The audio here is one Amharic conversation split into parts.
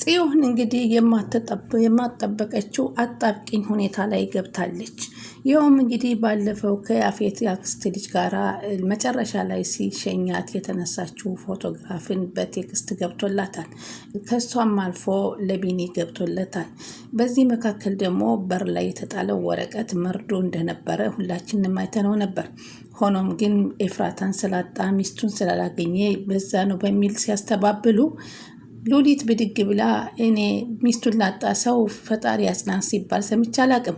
ጽዮን እንግዲህ የማጠበቀችው አጣብቂኝ ሁኔታ ላይ ገብታለች። ይኸውም እንግዲህ ባለፈው ከያፌት ያክስት ልጅ ጋር መጨረሻ ላይ ሲሸኛት የተነሳችው ፎቶግራፍን በቴክስት ገብቶላታል። ከሷም አልፎ ለቢኒ ገብቶለታል። በዚህ መካከል ደግሞ በር ላይ የተጣለው ወረቀት መርዶ እንደነበረ ሁላችንም አይተነው ነበር። ሆኖም ግን ኤፍራታን ስላጣ ሚስቱን ስላላገኘ በዛ ነው በሚል ሲያስተባብሉ ሉሊት ብድግ ብላ እኔ ሚስቱን ላጣ ሰው ፈጣሪ ያጽናን ሲባል ሰምቼ አላቅም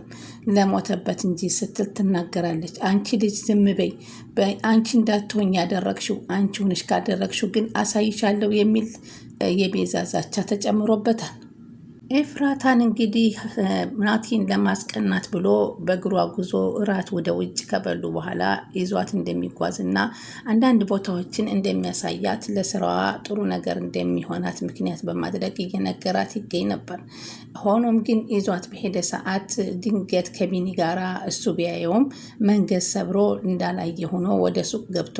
ለሞተበት እንጂ ስትል ትናገራለች። አንቺ ልጅ ዝም በይ፣ አንቺ እንዳትሆኝ ያደረግሽው አንቺ ሁነሽ ካደረግሽው ግን አሳይሻለሁ የሚል የቤዛ ዛቻ ተጨምሮበታል። ኤፍራታን እንግዲህ ናቲን ለማስቀናት ብሎ በእግሯ ጉዞ እራት ወደ ውጭ ከበሉ በኋላ ይዟት እንደሚጓዝ እና አንዳንድ ቦታዎችን እንደሚያሳያት ለስራዋ ጥሩ ነገር እንደሚሆናት ምክንያት በማድረግ እየነገራት ይገኝ ነበር። ሆኖም ግን ይዟት በሄደ ሰዓት ድንገት ከቢኒ ጋራ እሱ ቢያየውም መንገድ ሰብሮ እንዳላየ ሆኖ ወደ ሱቅ ገብቶ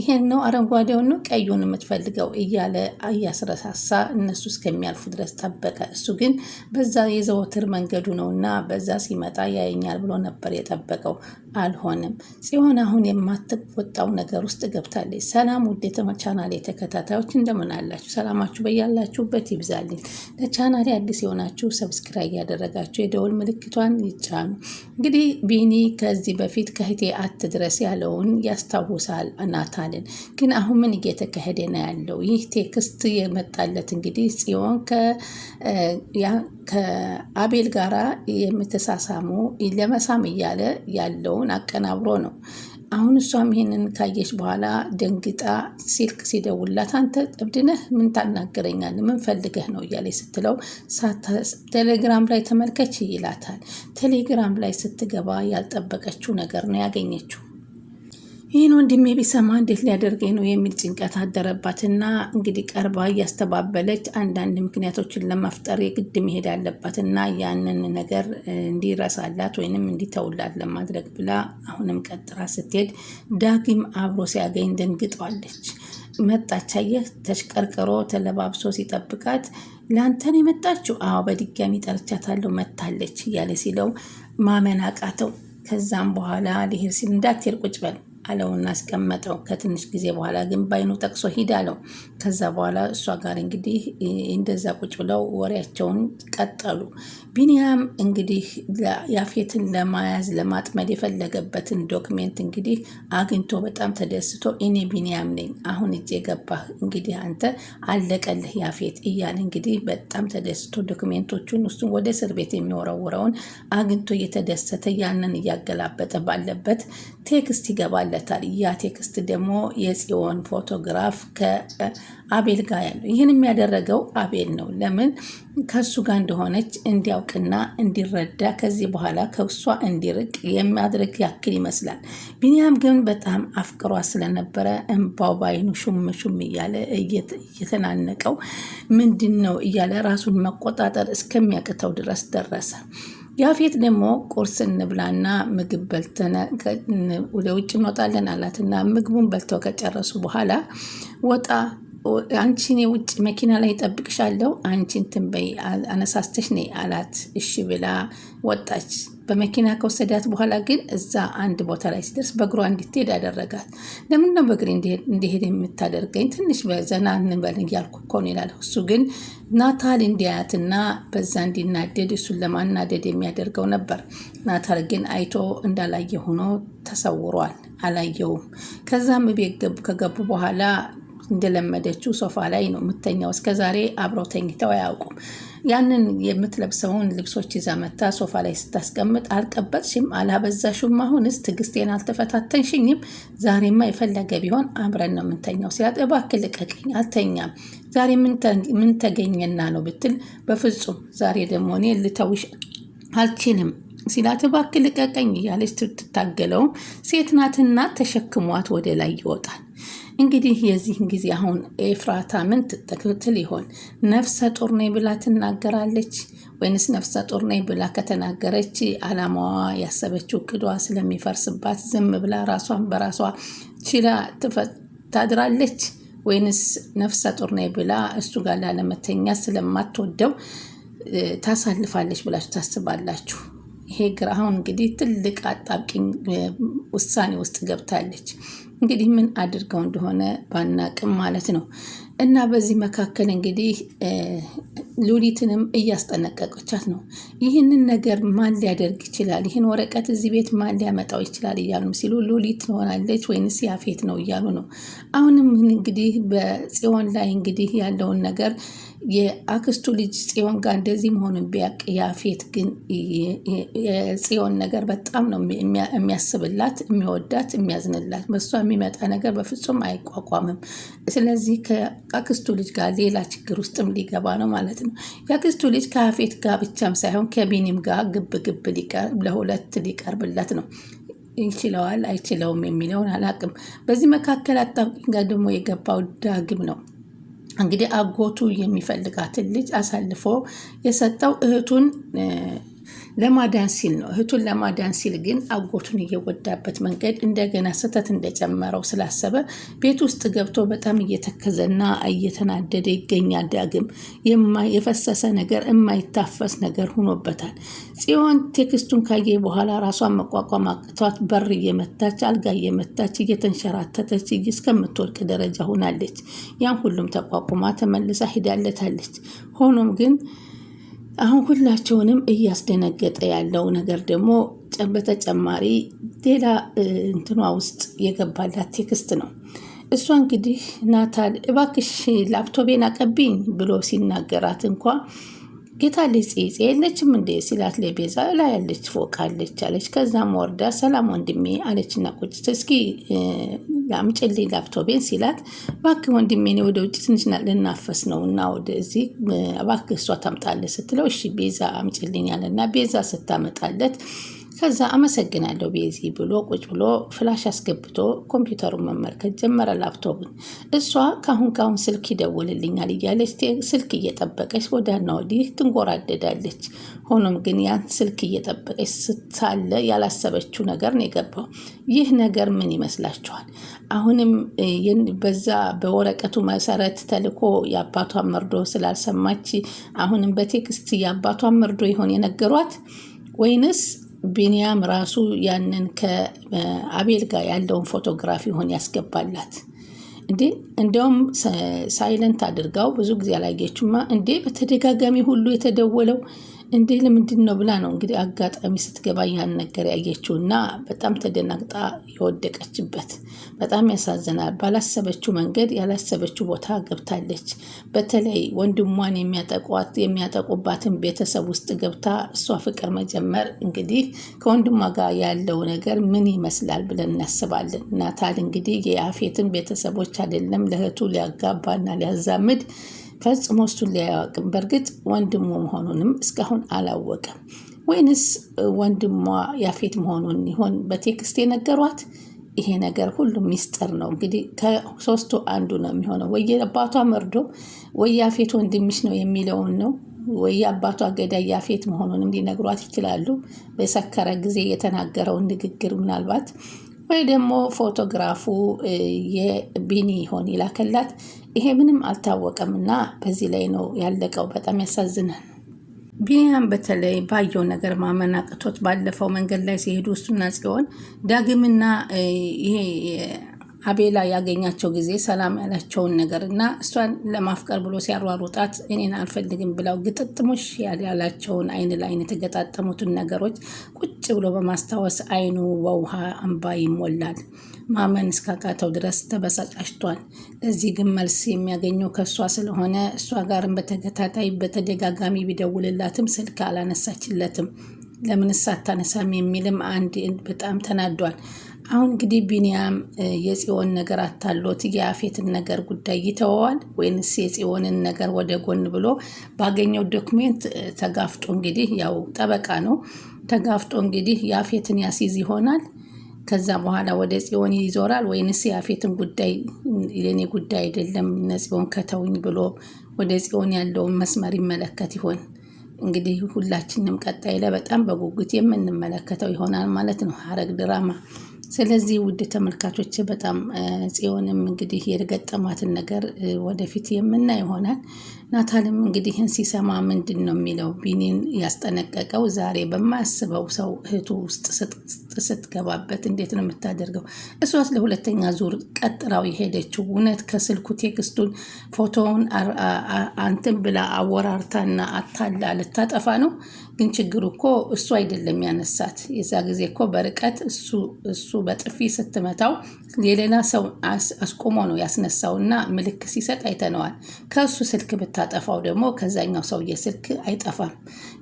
ይሄን ነው አረንጓዴውን ነው ቀዩን የምትፈልገው እያለ እያስረሳሳ እነሱ እስከሚያልፉ ድረስ ጠበቀ። እሱ ግን ግን በዛ የዘወትር መንገዱ ነውና በዛ ሲመጣ ያየኛል ብሎ ነበር የጠበቀው። አልሆንም። ጽዮን አሁን የማትወጣው ነገር ውስጥ ገብታለች። ሰላም ውድ ቻናል ተከታታዮች እንደምን አላችሁ? ሰላማችሁ በያላችሁበት ይብዛልኝ። ለቻናል አዲስ የሆናችሁ ሰብስክራይብ ያደረጋችሁ የደወል ምልክቷን ይጫኑ። እንግዲህ ቢኒ ከዚህ በፊት ከህቴ አትድረስ ያለውን ያስታውሳል ናታልን። ግን አሁን ምን እየተካሄደ ነው ያለው? ይህ ቴክስት የመጣለት እንግዲህ ጽዮን ከአቤል ጋራ የምትሳሳሙ ለመሳም እያለ ያለውን ስራውን አቀናብሮ ነው። አሁን እሷም ይሄንን ካየች በኋላ ደንግጣ ሲልክ ሲደውላት አንተ ጥብድነህ ምን ታናገረኛለህ? ምን ፈልገህ ነው እያለች ስትለው ቴሌግራም ላይ ተመልከች ይላታል። ቴሌግራም ላይ ስትገባ ያልጠበቀችው ነገር ነው ያገኘችው። ይህን ወንድሜ ቢሰማ እንዴት ሊያደርገኝ ነው የሚል ጭንቀት አደረባት እና እንግዲህ ቀርባ እያስተባበለች አንዳንድ ምክንያቶችን ለመፍጠር የግድ መሄድ አለባት እና ያንን ነገር እንዲረሳላት ወይንም እንዲተውላት ለማድረግ ብላ አሁንም ቀጥራ ስትሄድ ዳግም አብሮ ሲያገኝ ደንግጧለች። መጣች። አየህ ተሽቀርቅሮ ተለባብሶ ሲጠብቃት ለአንተን የመጣችው? አዎ በድጋሚ ጠርቻታለሁ መታለች እያለ ሲለው ማመን አቃተው። ከዛም በኋላ ሊሄድ ሲል እንዳትሄድ ቁጭ በል አለውና አስቀመጠው። ከትንሽ ጊዜ በኋላ ግን ባይኑ ጠቅሶ ሂድ አለው። ከዛ በኋላ እሷ ጋር እንግዲህ እንደዛ ቁጭ ብለው ወሬያቸውን ቀጠሉ። ቢኒያም እንግዲህ ያፌትን ለማያዝ ለማጥመድ የፈለገበትን ዶክሜንት እንግዲህ አግኝቶ በጣም ተደስቶ እኔ ቢኒያም ነኝ፣ አሁን እጅ የገባህ እንግዲህ አንተ አለቀልህ ያፌት እያለ እንግዲህ በጣም ተደስቶ ዶክሜንቶቹን እሱን ወደ እስር ቤት የሚወረውረውን አግኝቶ እየተደሰተ ያንን እያገላበጠ ባለበት ቴክስት ይገባለታል። ያ ቴክስት ደግሞ የጽዮን ፎቶግራፍ ከአቤል ጋር ያለው ይህን የሚያደረገው አቤል ነው። ለምን ከእሱ ጋር እንደሆነች እንዲያውቅና እንዲረዳ ከዚህ በኋላ ከሷ እንዲርቅ የሚያድርግ ያክል ይመስላል። ቢንያም ግን በጣም አፍቅሯ ስለነበረ እንባው ባይኑ ሹም ሹም እያለ እየተናነቀው ምንድን ነው እያለ ራሱን መቆጣጠር እስከሚያቅተው ድረስ ደረሰ። ያፌት ደግሞ ቁርስ እንብላና ምግብ በልተን ወደ ውጭ እንወጣለን አላትና ምግቡን በልተው ከጨረሱ በኋላ ወጣ አንቺን የውጭ መኪና ላይ ጠብቅሻለሁ፣ አንቺን ትንበይ አነሳስተሽ ነይ አላት። እሺ ብላ ወጣች። በመኪና ከወሰዳት በኋላ ግን እዛ አንድ ቦታ ላይ ሲደርስ በእግሯ እንድትሄድ አደረጋት። ነው በእግሬ እንዲሄድ የምታደርገኝ? ትንሽ በዘና እንበል እያልኩ እኮ ነው ይላል። እሱ ግን ናታል እንዲያያትና በዛ እንዲናደድ እሱን ለማናደድ የሚያደርገው ነበር። ናታል ግን አይቶ እንዳላየ ሆኖ ተሰውሯል፣ አላየውም። ከዛም ቤት ከገቡ በኋላ እንደለመደችው ሶፋ ላይ ነው የምተኛው። እስከዛሬ አብረው ተኝተው አያውቁም። ያንን የምትለብሰውን ልብሶች ይዛ መታ ሶፋ ላይ ስታስቀምጥ አልቀበጥሽም፣ አላበዛሽም፣ አሁንስ ትግስቴን አልተፈታተንሽኝም። ዛሬማ የፈለገ ቢሆን አብረን ነው የምንተኛው ሲላት እባክህ ልቀቀኝ፣ አልተኛም። ዛሬ ምን ተገኘና ነው ብትል በፍጹም ዛሬ ደግሞ እኔ ልተውሽ አልችልም ሲላት እባክህ ልቀቀኝ እያለች ትታገለው ሴት ናትና ተሸክሟት ወደ ላይ ይወጣል። እንግዲህ የዚህን ጊዜ አሁን ኤፍራታ ምን ትትል ይሆን? ነፍሰ ጡር ነኝ ብላ ትናገራለች ወይንስ ነፍሰ ጡር ነኝ ብላ ከተናገረች አላማዋ ያሰበችው እቅዷ ስለሚፈርስባት ዝም ብላ ራሷን በራሷ ችላ ታድራለች ወይንስ ነፍሰ ጡር ነኝ ብላ እሱ ጋር ላለመተኛ ስለማትወደው ታሳልፋለች ብላችሁ ታስባላችሁ? ይሄ አሁን እንግዲህ ትልቅ አጣብቂኝ ውሳኔ ውስጥ ገብታለች። እንግዲህ ምን አድርገው እንደሆነ ባናቅም ማለት ነው። እና በዚህ መካከል እንግዲህ ሉሊትንም እያስጠነቀቀቻት ነው። ይህንን ነገር ማን ሊያደርግ ይችላል? ይህን ወረቀት እዚህ ቤት ማን ሊያመጣው ይችላል? እያሉ ሲሉ ሉሊት ትሆናለች ወይንስ ያፌት ነው እያሉ ነው። አሁንም እንግዲህ በጽዮን ላይ እንግዲህ ያለውን ነገር የአክስቱ ልጅ ጽዮን ጋር እንደዚህ መሆኑን ቢያቅ ያፌት ግን የጽዮን ነገር በጣም ነው የሚያስብላት፣ የሚወዳት፣ የሚያዝንላት በሷ የሚመጣ ነገር በፍጹም አይቋቋምም። ስለዚህ ከአክስቱ ልጅ ጋር ሌላ ችግር ውስጥም ሊገባ ነው ማለት ነው። የአክስቱ ልጅ ከያፌት ጋር ብቻም ሳይሆን ከቢኒም ጋር ግብ ግብ ለሁለት ሊቀርብለት ነው። ይችለዋል አይችለውም የሚለውን አላቅም። በዚህ መካከል አጣብቂኝ ጋር ደግሞ የገባው ዳግም ነው። እንግዲህ አጎቱ የሚፈልጋትን ልጅ አሳልፎ የሰጠው እህቱን ለማዳን ሲል ነው። እህቱን ለማዳን ሲል ግን አጎቱን እየጎዳበት መንገድ እንደገና ስህተት እንደጨመረው ስላሰበ ቤት ውስጥ ገብቶ በጣም እየተከዘና እየተናደደ ይገኛል። ዳግም የፈሰሰ ነገር የማይታፈስ ነገር ሆኖበታል። ጽዮን ቴክስቱን ካየ በኋላ ራሷን መቋቋም አቅቷት በር እየመታች አልጋ እየመታች እየተንሸራተተች እስከምትወድቅ ደረጃ ሆናለች። ያን ሁሉም ተቋቁማ ተመልሳ ሂዳለታለች። ሆኖም ግን አሁን ሁላቸውንም እያስደነገጠ ያለው ነገር ደግሞ በተጨማሪ ሌላ እንትኗ ውስጥ የገባላት ቴክስት ነው። እሷ እንግዲህ ናታል እባክሽ ላፕቶፔን አቀብኝ ብሎ ሲናገራት እንኳ ጌታ ጽጽ የለችም እንደ ሲላት ለቤዛ ላይ ያለች ፎቃለች አለች። ከዛም ወርዳ ሰላም ወንድሜ አለችና ቁጭ እስኪ አምጪልኝ ላፕቶፔን ሲላት፣ እባክህ ወንድሜ ወደ ውጭ ትንሽ ልናፈስ ነው እና ወደዚህ እባክህ እሷ ታምጣለህ ስትለው፣ እሺ ቤዛ አምጪልኝ እና ቤዛ ስታመጣለት ከዛ አመሰግናለሁ ቤዚ ብሎ ቁጭ ብሎ ፍላሽ አስገብቶ ኮምፒውተሩን መመልከት ጀመረ፣ ላፕቶፑን። እሷ ካሁን ካሁን ስልክ ይደውልልኛል እያለች ስልክ እየጠበቀች ወዳና ወዲህ ትንጎራደዳለች። ሆኖም ግን ያን ስልክ እየጠበቀች ስታለ ያላሰበችው ነገር ነው የገባው። ይህ ነገር ምን ይመስላችኋል? አሁንም በዛ በወረቀቱ መሰረት ተልኮ የአባቷን መርዶ ስላልሰማች አሁንም በቴክስት የአባቷን መርዶ ይሆን የነገሯት ወይንስ ቢንያም ራሱ ያንን ከአቤል ጋር ያለውን ፎቶግራፊ ሆን ያስገባላት እንዴ። እንዲያውም ሳይለንት አድርጋው ብዙ ጊዜ አላየችማ እንዴ። በተደጋጋሚ ሁሉ የተደወለው እንዲህ ለምንድን ነው ብላ ነው እንግዲህ አጋጣሚ ስትገባ ያን ነገር ያየችው እና በጣም ተደናግጣ የወደቀችበት በጣም ያሳዝናል። ባላሰበችው መንገድ ያላሰበችው ቦታ ገብታለች። በተለይ ወንድሟን የሚያጠቋት የሚያጠቁባትን ቤተሰብ ውስጥ ገብታ እሷ ፍቅር መጀመር እንግዲህ ከወንድሟ ጋር ያለው ነገር ምን ይመስላል ብለን እናስባለን። ናታል እንግዲህ የአፌትን ቤተሰቦች አይደለም ለእህቱ ሊያጋባና ሊያዛምድ ፈጽሞ እሱን ሊያያውቅም በእርግጥ ወንድሙ መሆኑንም እስካሁን አላወቀም። ወይንስ ወንድሟ ያፌት መሆኑን ይሆን በቴክስት የነገሯት? ይሄ ነገር ሁሉ ሚስጥር ነው። እንግዲህ ከሶስቱ አንዱ ነው የሚሆነው። ወይ አባቷ መርዶ፣ ወይ ያፌት ወንድምሽ ነው የሚለውን ነው፣ ወይ አባቷ ገዳይ ያፌት መሆኑንም ሊነግሯት ይችላሉ። በሰከረ ጊዜ የተናገረውን ንግግር ምናልባት ወይ ደግሞ ፎቶግራፉ የቢኒ ይሆን ይላከላት። ይሄ ምንም አልታወቀም እና በዚህ ላይ ነው ያለቀው። በጣም ያሳዝናል። ቢኒያም በተለይ ባየው ነገር ማመን አቅቶት ባለፈው መንገድ ላይ ሲሄዱ እሱና ጽዮን ዳግምና ይሄ አቤላ ያገኛቸው ጊዜ ሰላም ያላቸውን ነገር እና እሷን ለማፍቀር ብሎ ሲያሯሩጣት እኔን አልፈልግም ብለው ግጥጥሞሽ ያላቸውን አይን ለአይን የተገጣጠሙትን ነገሮች ቁጭ ብሎ በማስታወስ አይኑ በውሃ እንባ ይሞላል። ማመን እስካቃተው ድረስ ተበሳጫሽቷል። ለዚህ ግን መልስ የሚያገኘው ከእሷ ስለሆነ እሷ ጋርም በተከታታይ በተደጋጋሚ ቢደውልላትም ስልክ አላነሳችለትም። ለምን ሳታነሳም የሚልም አንድ በጣም ተናዷል። አሁን እንግዲህ ቢንያም የጽዮን ነገር አታሎት የአፌትን ነገር ጉዳይ ይተወዋል ወይንስ የጽዮንን ነገር ወደ ጎን ብሎ ባገኘው ዶክሜንት ተጋፍጦ እንግዲህ ያው ጠበቃ ነው ተጋፍጦ እንግዲህ የአፌትን ያስይዝ ይሆናል። ከዛ በኋላ ወደ ጽዮን ይዞራል ወይንስ የአፌትን ጉዳይ የኔ ጉዳይ አይደለም እነ ጽዮን ከተውኝ ብሎ ወደ ጽዮን ያለውን መስመር ይመለከት ይሆን? እንግዲህ ሁላችንም ቀጣይ ላይ በጣም በጉጉት የምንመለከተው ይሆናል ማለት ነው ሐረግ ድራማ። ስለዚህ ውድ ተመልካቾች በጣም ጽዮንም እንግዲህ የገጠማትን ነገር ወደፊት የምና ይሆናል። ናታልም እንግዲህ ሲሰማ ምንድን ነው የሚለው ቢኒን ያስጠነቀቀው ዛሬ በማያስበው ሰው እህቱ ውስጥ ስትገባበት እንዴት ነው የምታደርገው? እሷስ ለሁለተኛ ዙር ቀጥራው የሄደችው እውነት ከስልኩ ቴክስቱን ፎቶውን አንትን ብላ አወራርታና አታላ ልታጠፋ ነው ግን ችግሩ እኮ እሱ አይደለም ያነሳት። የዛ ጊዜ እኮ በርቀት እሱ እሱ በጥፊ ስትመታው የሌላ ሰው አስቆሞ ነው ያስነሳው እና ምልክት ሲሰጥ አይተነዋል። ከእሱ ስልክ ብታጠፋው ደግሞ ከዛኛው ሰውዬ ስልክ አይጠፋም።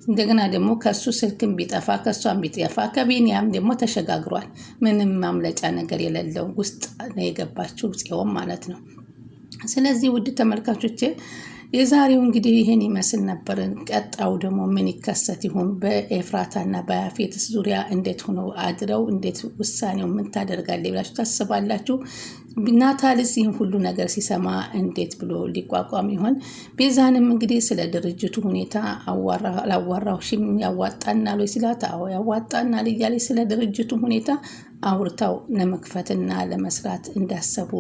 እንደገና ደግሞ ከእሱ ስልክም ቢጠፋ ከእሷም ቢጠፋ ከቢኒያም ደግሞ ተሸጋግሯል። ምንም ማምለጫ ነገር የሌለው ውስጥ ነው የገባችው ጽዮን ማለት ነው። ስለዚህ ውድ ተመልካቾቼ የዛሬው እንግዲህ ይህን ይመስል ነበር። ቀጣው ደግሞ ምን ይከሰት ይሁን? በኤፍራታ በኤፍራታና በያፌትስ ዙሪያ እንዴት ሆኖ አድረው እንዴት ውሳኔው ምን ታደርጋለ ብላችሁ ታስባላችሁ? ናታልስ ይህን ሁሉ ነገር ሲሰማ እንዴት ብሎ ሊቋቋም ይሆን? ቤዛንም እንግዲህ ስለ ድርጅቱ ሁኔታ አላዋራሽም ያዋጣናል ወይ ሲላት፣ አዎ ያዋጣናል እያለች ስለ ድርጅቱ ሁኔታ አውርታው ለመክፈትና ለመስራት እንዳሰቡ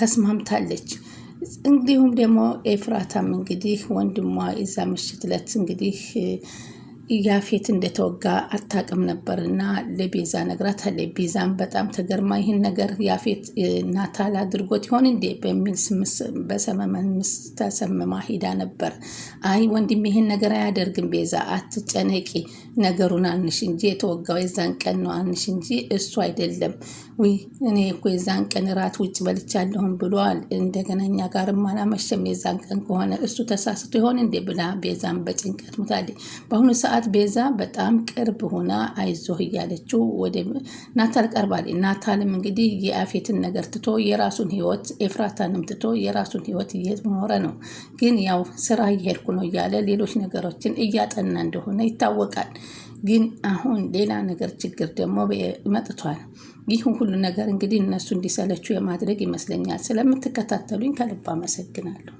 ተስማምታለች። እንዲሁም ደግሞ ኤፍራታም እንግዲህ ወንድሟ የዛ ምሽት ዕለት እንግዲህ ያፌት እንደተወጋ አታቅም ነበር እና ለቤዛ ነግራታለች። ቤዛም በጣም ተገርማ ይህን ነገር ያፌት ናታል አድርጎት ይሆን እንዴ በሚል በሰመመን ተሰምማ ሂዳ ነበር። አይ ወንድም ይህን ነገር አያደርግም ቤዛ አትጨነቂ ነገሩን አንሽ እንጂ የተወጋው የዛን ቀን ነው አንሽ እንጂ እሱ አይደለም። ውይ እኔ እኮ የዛን ቀን እራት ውጭ በልቻለሁም ብሏል። እንደገና እኛ ጋርም አላመሸም። የዛን ቀን ከሆነ እሱ ተሳስቶ ይሆን እንዴ ብላ ቤዛን በጭንቀት ሙታለች። በአሁኑ ሰዓት ቤዛ በጣም ቅርብ ሆና አይዞህ እያለችው ወደ ናታል ቀርባል። ናታልም እንግዲህ የአፌትን ነገር ትቶ የራሱን ህይወት ኤፍራታንም ትቶ የራሱን ህይወት እየኖረ ነው። ግን ያው ስራ እየሄድኩ ነው እያለ ሌሎች ነገሮችን እያጠና እንደሆነ ይታወቃል። ግን አሁን ሌላ ነገር ችግር ደግሞ መጥቷል። ይህን ሁሉ ነገር እንግዲህ እነሱ እንዲሰለቹ የማድረግ ይመስለኛል። ስለምትከታተሉኝ ከልብ አመሰግናለሁ።